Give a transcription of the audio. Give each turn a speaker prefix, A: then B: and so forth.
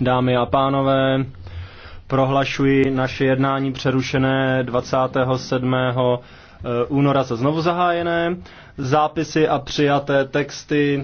A: Dámy a pánové, prohlašuji naše jednání přerušené 27. Eh, února za znovu zahájené. Zápisy a přijaté texty